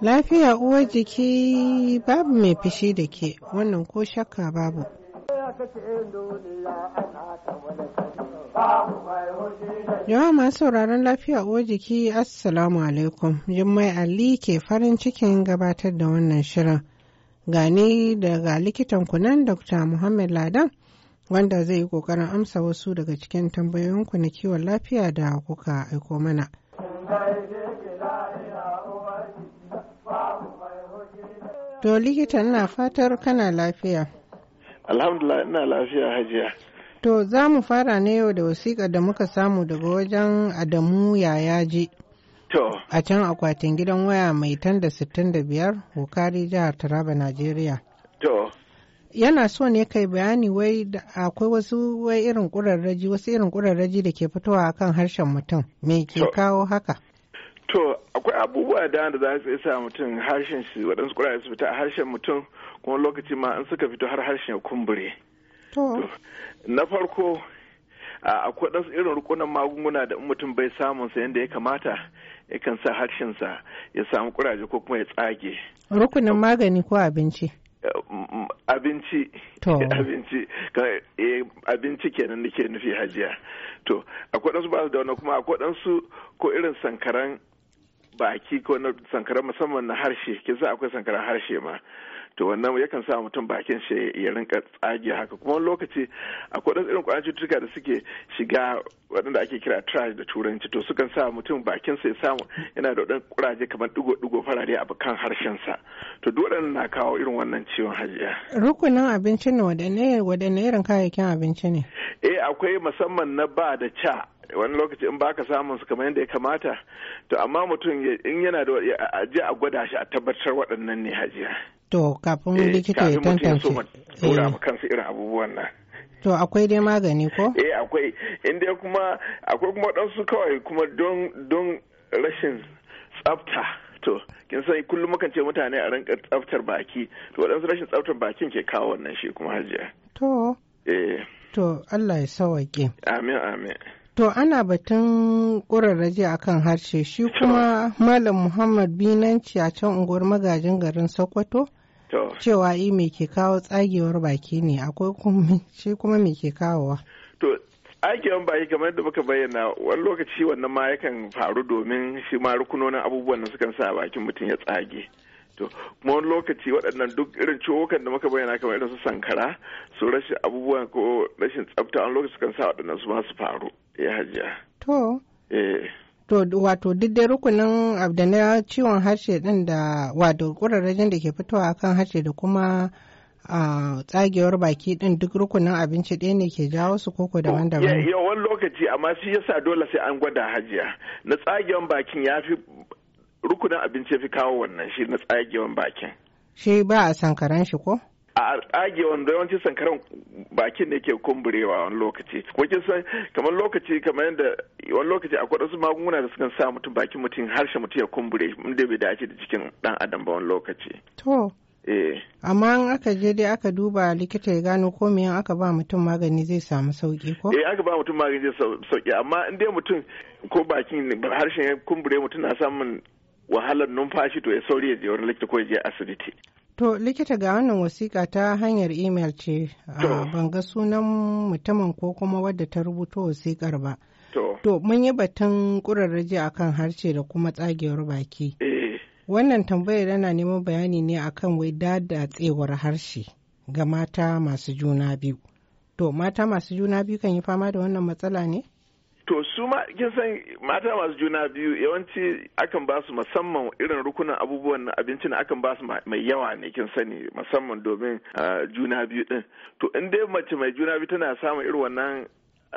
Lafiya uwar jiki babu mai fishi da ke wannan ko shakka babu. Yawa masu sauraron lafiya uwar jiki Assalamu alaikum. Jummai Ali ke farin cikin gabatar da wannan shirin. Gani daga likitan kunan Dr. Muhammad Ladan. wanda zai yi kokarin amsa wasu daga cikin tambayoyinku na kiwon lafiya da kuka aiko mana. To likita ina fatar kana lafiya. Alhamdulillah ina lafiya hajiya. To za mu fara ne yau da wasiƙar da muka samu daga wajen Adamu Yayaji. To. A can akwatin gidan waya mai tan da biyar jihar Taraba, Najeriya. To. yana so ne kai bayani wai akwai wasu wai irin ƙurarraji wasu irin ƙurarraji da ke fitowa a kan harshen mutum me ke kawo haka to akwai abubuwa da da za su isa mutum harshen shi waɗansu ƙurarraji su fita a harshen mutum kuma lokaci ma in suka fito har harshen kumbure to na farko akwai ɗansu irin rukunan magunguna da mutum bai samun sa yadda ya kamata yakan sa harshen sa ya samu kuraje ko kuma ya tsage rukunin magani ko abinci abinci abinci eh, abinci kenan nake nufi hajiya to akwai su ba da wani kuma akwai ɗansu ko irin sankaran baki ko na sankaran musamman na harshe kisa akwai sankaran harshe ma to wannan yakan sa mutum bakin shi ya rinka tsage haka kuma lokaci akwai ɗan irin ƙwayar cututtuka da suke shiga waɗanda ake kira trash da turanci to sukan sa mutum bakin sa ya samu yana da ɗan ƙuraje kamar ɗigo-ɗigo farare a kan harshen sa to duk na kawo irin wannan ciwon hajiya. rukunin abinci ne waɗanne waɗanne irin kayayyakin abinci ne. eh akwai musamman na ba da ca wani lokaci in baka samun su kamar yadda ya kamata to amma mutum in yana da a je a gwada shi a tabbatar waɗannan ne hajiya. To kafin eh, likita ya tantance. Kafin mutum eh. kansu irin abubuwan nan. To akwai dai magani ko? Eh akwai in dai kuma akwai kuma ɗansu kawai kuma don don rashin tsafta. To kin san kullum mukan ce mutane a rinka tsaftar baki to waɗansu rashin tsaftar bakin ke kawo wannan shi kuma hajiya. To. Eh. To Allah ya sawaƙe. Amin amin. To ana batun ƙurarraje a kan harshe shi kuma Malam Muhammad Binanci a can unguwar magajin garin Sokoto cewa yi me ke kawo tsagewar baki ne akwai kuma shi kuma me ke kawowa to tsagewar baki kamar da muka bayyana wani lokaci wannan ma yakan faru domin shi ma rukunonin abubuwan da sukan sa bakin mutum ya tsage to kuma wani lokaci waɗannan duk irin ciwokan da muka bayyana kamar irin su sankara su rashin abubuwan ko rashin tsafta wani lokaci sukan sa waɗannan su ma su faru ya eh, hajiya to eh To wato duk dai rukunin abu ah, da na ciwon harshe din da wato ƙurarrajin da ke fitowa akan harshe da kuma a ah, tsagewar baki din duk rukunin abinci ɗaya ne ke jawo su koko daban-daban. Yawan lokaci amma shi yasa dole sai an gwada hajiya. Na tsagewar bakin ya fi rukunin abinci ya fi kawo wannan shi na tsagewar bakin. Shi ba a sankaran shi ko? a tsage wanda yawanci sankaran bakin ne ke kumburewa wani lokaci kuma kin san kamar lokaci kamar yadda wani lokaci akwai wasu magunguna da sukan sa mutum bakin mutum harshe mutum ya kumbure inda bai dace da cikin dan adam ba wani lokaci to eh amma in aka je dai aka duba likita ya gano ko me aka ba mutum magani zai samu sauki ko eh aka ba mutum magani zai sauki amma in dai mutum ko bakin harshen ya kumbure mutum na samun wahalar numfashi to ya sauri ya je wani likita ko ya je asibiti To likita ga wannan wasiƙa ta hanyar imel ce ah, ban ga sunan mutumin ko kuma wadda ta rubuto wasiƙar ba. To mun yi batun ƙurarraji a kan harshe da kuma tsagewar baki. Eh. Wannan tambayar yana neman bayani ne akan wai dadatsewar harshe ga mata masu juna biyu. To mata masu juna biyu kan yi fama da wannan matsala ne? To su ma kin san mata masu juna biyu yawanci akan ba su musamman irin rukunan abubuwan abincin akan ba su mai yawa ne kin sani musamman domin ah, juna biyu din. To in dai mace mai juna biyu tana samun irin wannan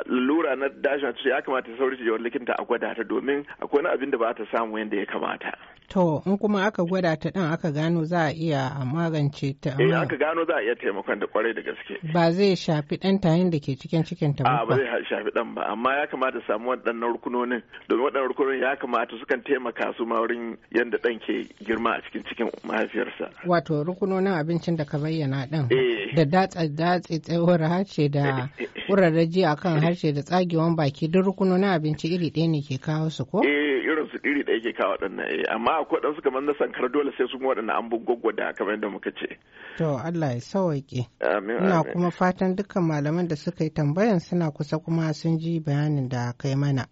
lura na dashin ce ya kamata sauri ta wani likinta a gwada ta domin akwai wani abin da ba ta samu yadda ya kamata. To in kuma aka gwada ta ɗin aka gano za a iya a magance ta. Eh aka gano za a iya taimakon da kwarai da gaske. Ba zai shafi ɗan tayin da ke cikin cikin ta ba. Ba zai shafi ɗan ba amma ya kamata samu waɗannan rukunonin domin waɗannan rukunonin ya kamata sukan taimaka su ma wurin yadda ɗan ke girma a cikin cikin mahaifiyarsa. Wato rukunonin abincin da ka bayyana ɗin. Eh. Da datsa datse tsawon hace da wurare eh, eh, ji akan yankan harshe da tsagewan baki duk na abinci iri ɗaya ne ke kawo su ko? Eh irin su iri ɗaya ke kawo waɗannan eh amma akwai ɗansu kamar na sankar dole sai sun waɗannan an gwaggwada kamar yadda muka ce. To Allah ya sawaƙe. Amin. Ina kuma fatan dukkan malaman da suka yi tambayan suna kusa kuma sun ji bayanin da kai mana.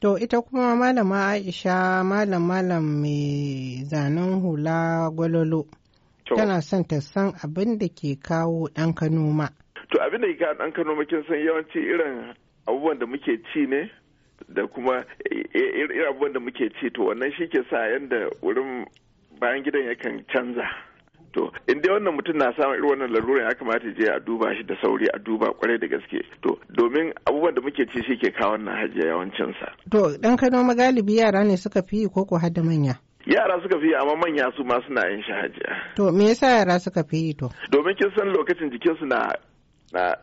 To ita kuma malama Aisha malam malam mai zanen hula gwalolo. Tana son ta san abin da ke kawo ɗan kanoma. da ga dan Kano muke san yawanci irin abubuwan da muke ci ne da kuma eh, eh, irin abubuwan da muke ci to wannan shi ke sa yadda wurin bayan gidan yakan canza. to in dai wannan mutum na samun irin wannan laruran ya kamata je a duba shi da sauri a duba kwarai da gaske to domin abubuwan da muke ci shi ke kawo wannan hajji yawancin sa to dan kano magalibi yara ne suka fi ko ko har da manya yara suka fi amma manya su ma suna yin shi to me yasa yara suka fi to domin kin san lokacin jikinsu na na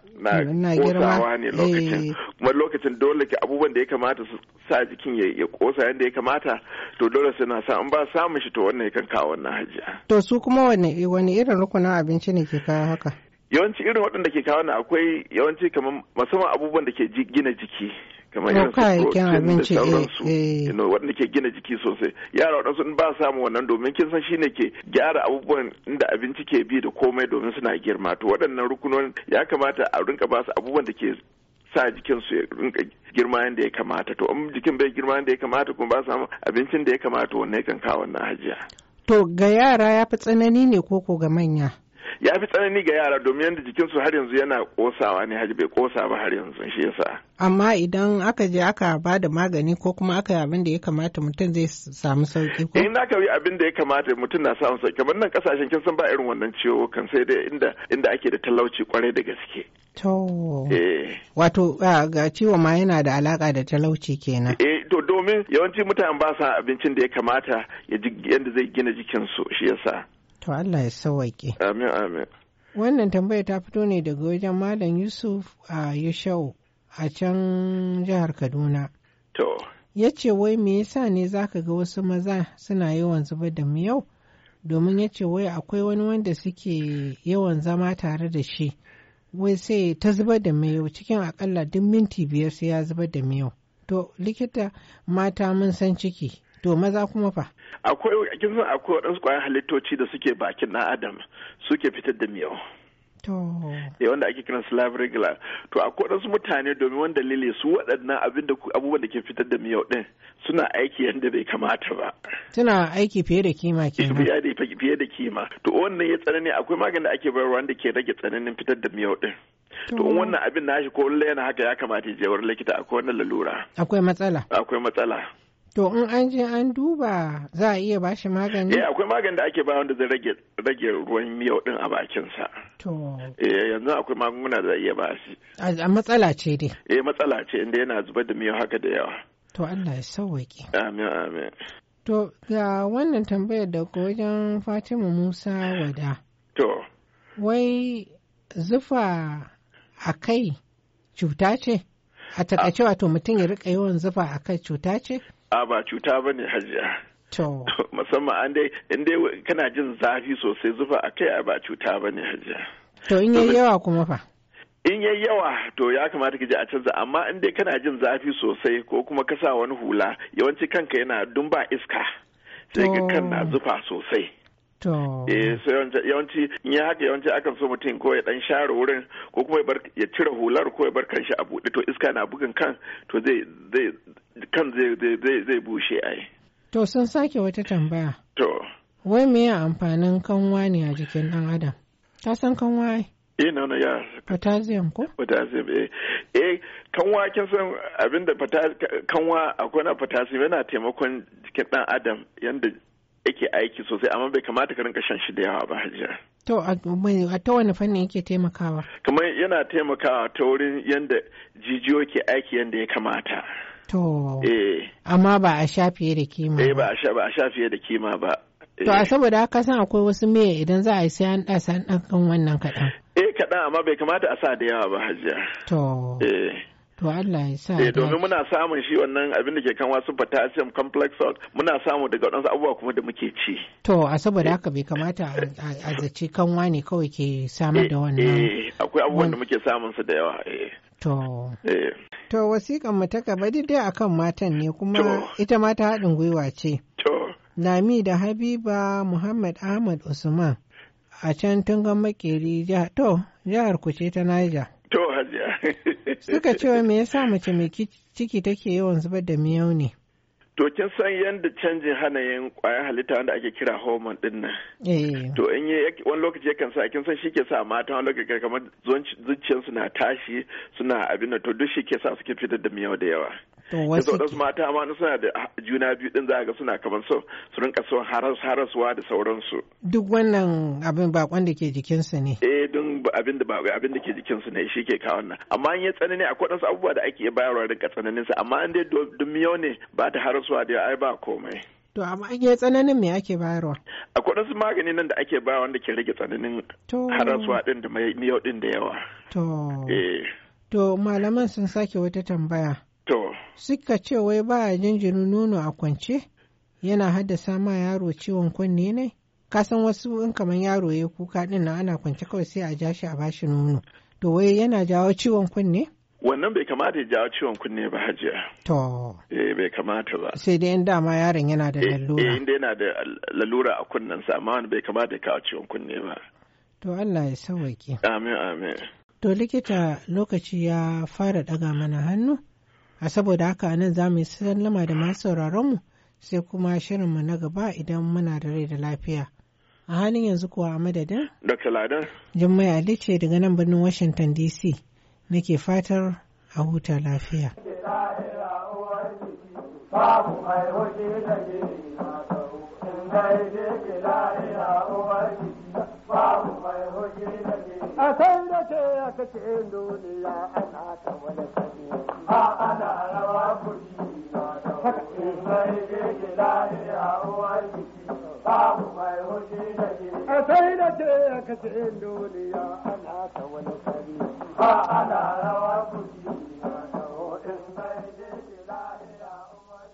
na kosawa ne lokacin eh. kuma lokacin dole ke abubuwan da ya kamata su sa jikin ya kosa yadda ya kamata to dole suna sa in ba samun shi to wannan yakan kawo wannan hajiya to su kuma wani wani irin rukunin abinci ne ke kawo haka yawanci irin waɗanda ke kawo na akwai yawanci kamar musamman abubuwan da ke gina jiki kamar yin su protein da eh, sauransu eh. waɗanda ke gina jiki sosai yara waɗansu ba samu wannan domin kin san shine ke gyara abubuwan inda abinci ke bi da komai domin suna girma to waɗannan rukunonin ya kamata a rinka ba su abubuwan da ke sa jikinsu ya rinka girma yadda ya kamata to in jikin bai girma yadda ya kamata kuma ba samu abincin da ya kamata wannan kan kawo wannan hajiya to ga yara ya fi tsanani ne koko ga manya ya fi tsanani ga yara domin yadda jikinsu har yanzu yana kosawa ne haji bai kosa ba har yanzu shi yasa amma idan aka je aka ba da magani ko kuma aka yi abin da ya kamata mutum zai samu sauki ko in aka yi abin da ya kamata mutum na samun sauki kamar nan kasashen kin san ba irin wannan ciwo kan sai dai inda inda ake da talauci kwarai da gaske to eh. wato ga ciwo ma yana da alaka da talauci kenan eh to domin yawanci mutane ba sa abincin da ya kamata ya yadda zai gina jikinsu shi yasa To Allah ya sawaƙe. Amin amin. Wannan tambaya ta fito ne daga wajen Malam Yusuf a Yashau a can jihar Kaduna. To. Ya ce wai me yasa ne za ka ga wasu maza suna yawan zuba da miyau? Domin ya ce wai akwai wani wanda suke yawan zama tare da shi. Wai sai ta zubar da miyau cikin akalla duk minti biyar sai ya zubar da miyau. To likita mata mun san ciki To maza kuma fa? Akwai kin san akwai waɗansu ƙwayar halittoci da suke bakin ɗan adam suke fitar da miyau. To. Eh wanda ake kiran salivary gland. To akwai wadansu mutane domin wani dalili su waɗannan abin da abubuwan da ke fitar da miyau ɗin suna aiki yadda bai kamata ba. Suna aiki fiye da kima eh, kenan. Fiye da fiye da kima. To wannan ya tsanani akwai magani da ake bayarwa wanda ke rage tsananin fitar da miyau ɗin. To wannan abin nashi ko yana haka ya kamata ya je wurin likita akwai wannan lalura. Akwai matsala. Akwai matsala. To in an je an duba za a iya ba shi magani? Eh akwai magani da ake ba wanda zai rage rage ruwan miyau din a bakinsa. To. Eh yanzu akwai magunguna da za a iya ba shi. A matsala ce dai. Eh matsala ce inda yana zubar da miyau haka da yawa. To Allah ya sauwaƙe. Amin amin. To ga wannan tambayar da wajen Fatima Musa Wada. To. Wai zufa a kai cuta ce? A takaice wato mutum ya rika yawan zufa a kai cuta ce? a ba cuta ba ne hajiya musamman an dai in dai kana jin zafi sosai zufa a kai a ba cuta ba ne hajiya to in yi yawa kuma fa in yi yawa to ya kamata ki je a canza amma in dai kana jin zafi sosai ko kuma ka sa wani hula yawanci kanka yana dumba iska sai ka kan na zufa sosai Eh yawanci in ya haka yawanci akan so mutum ko ya dan share wurin ko kuma ya cire hular ko ya bar kanshi a buɗe to iska na bugun kan to zai zai kan zai zai zai bushe ai. To sun sake wata tambaya. To. Wai me ya amfanin kanwa ne a jikin ɗan adam? Ka san kanwa ai? Eh na na ya. Potassium ko? Potassium eh. Eh kanwa kin san abinda kanwa akwai na potassium yana taimakon jikin ɗan adam yanda yake aiki sosai amma bai kamata ka rinka shan shi da yawa ba hajiya. To a ta wani fanni yake taimakawa? Kamar yana taimakawa ta wurin yadda jijiyo ke aiki yadda ya kamata. To. Eh. Amma ba a sha fiye da kima. Eh ba a sha ba a sha fiye da kima ba. To a eh. saboda haka san akwai wasu miya idan za a yi sayan ɗasa an ɗan wannan kaɗan. Eh kaɗan amma bai kamata a sa da yawa ba hajiya. To. Eh. To Allah ya sa. Eh domin muna samun shi wannan abin da ke kan wasu potassium complex salt muna samu daga waɗansu abubuwa kuma da muke ci. To a saboda eh. haka bai kamata a zaci kanwa ne kawai ke samar da wannan. Eh, eh akwai abubuwan da muke samun su da yawa. Eh. To. To wasiƙan mu ta gaba dai akan matan ne kuma ita ma ta haɗin gwiwa ce. To. Lami da Habiba Muhammad Ahmad Usman a can tun makeri jihar to jihar ku ce ta Niger. To hajiya. Suka cewa me yasa mace mai ciki take yawan zubar da miyau ne? To kin san yadda canjin hanayin kwayar halitta wanda ake kira homon din nan. Eh. To in yi wani lokaci yakan sa kin san shi ke sa mata wani lokaci kamar zuciyarsu na tashi suna abin to duk shi ke sa suke fitar da miyau da yawa. yanzu waɗansu mata ma suna da juna biyu din za ga suna kamar so su rinka son haraswa da sauransu duk wannan abin bakon da ke jikinsu ne eh don abin da abin da ke jikinsu ne shi ke kawo nan amma in ya tsanani akwai wasu abubuwa da ake bayarwa da tsananin sa amma in dai miyau ne ba ta haraswa da ai ba komai To amma an yi tsananin me ake bayarwa? Akwai wasu magani nan da ake bayarwa wanda ke rage tsananin haraswa din da miyau din da yawa. To. Eh. To malaman sun sake wata tambaya. To. Suka ce wai ba a jinjirin nono a kwance yana haddasa ma yaro ciwon kunne ne? Ka san wasu in kamar yaro ya kuka din na ana kwance kawai sai a jashi a bashi nono. To wai yana jawo ciwon kunne? Wannan bai kamata ya jawo ciwon kunne ba hajiya. To. Eh bai kamata ba. Sai dai in dama yaron yana da eh, lalura. Eh inda yana da lalura a sa amma bai kamata ya kawo ciwon kunne ba. To Allah ya sauwaƙe. Amin amin. To likita lokaci ya fara ɗaga mana hannu. A saboda haka nan za mu yi sallama da masu mu sai kuma shirinmu na gaba idan muna da rai da lafiya. A halin yanzu kuwa a madadin? Dr. Ladan. Jummai Ali ce daga nan birnin Washington DC. Nake fatar a huta lafiya. a san da ke ya kace duniya ana ta wani sani a ana rawa kuɗi na da wani mai ke lafiya uwar jiki babu mai hoji da ke a san da ke ya kace duniya ana ta wani sani a ana rawa kuɗi na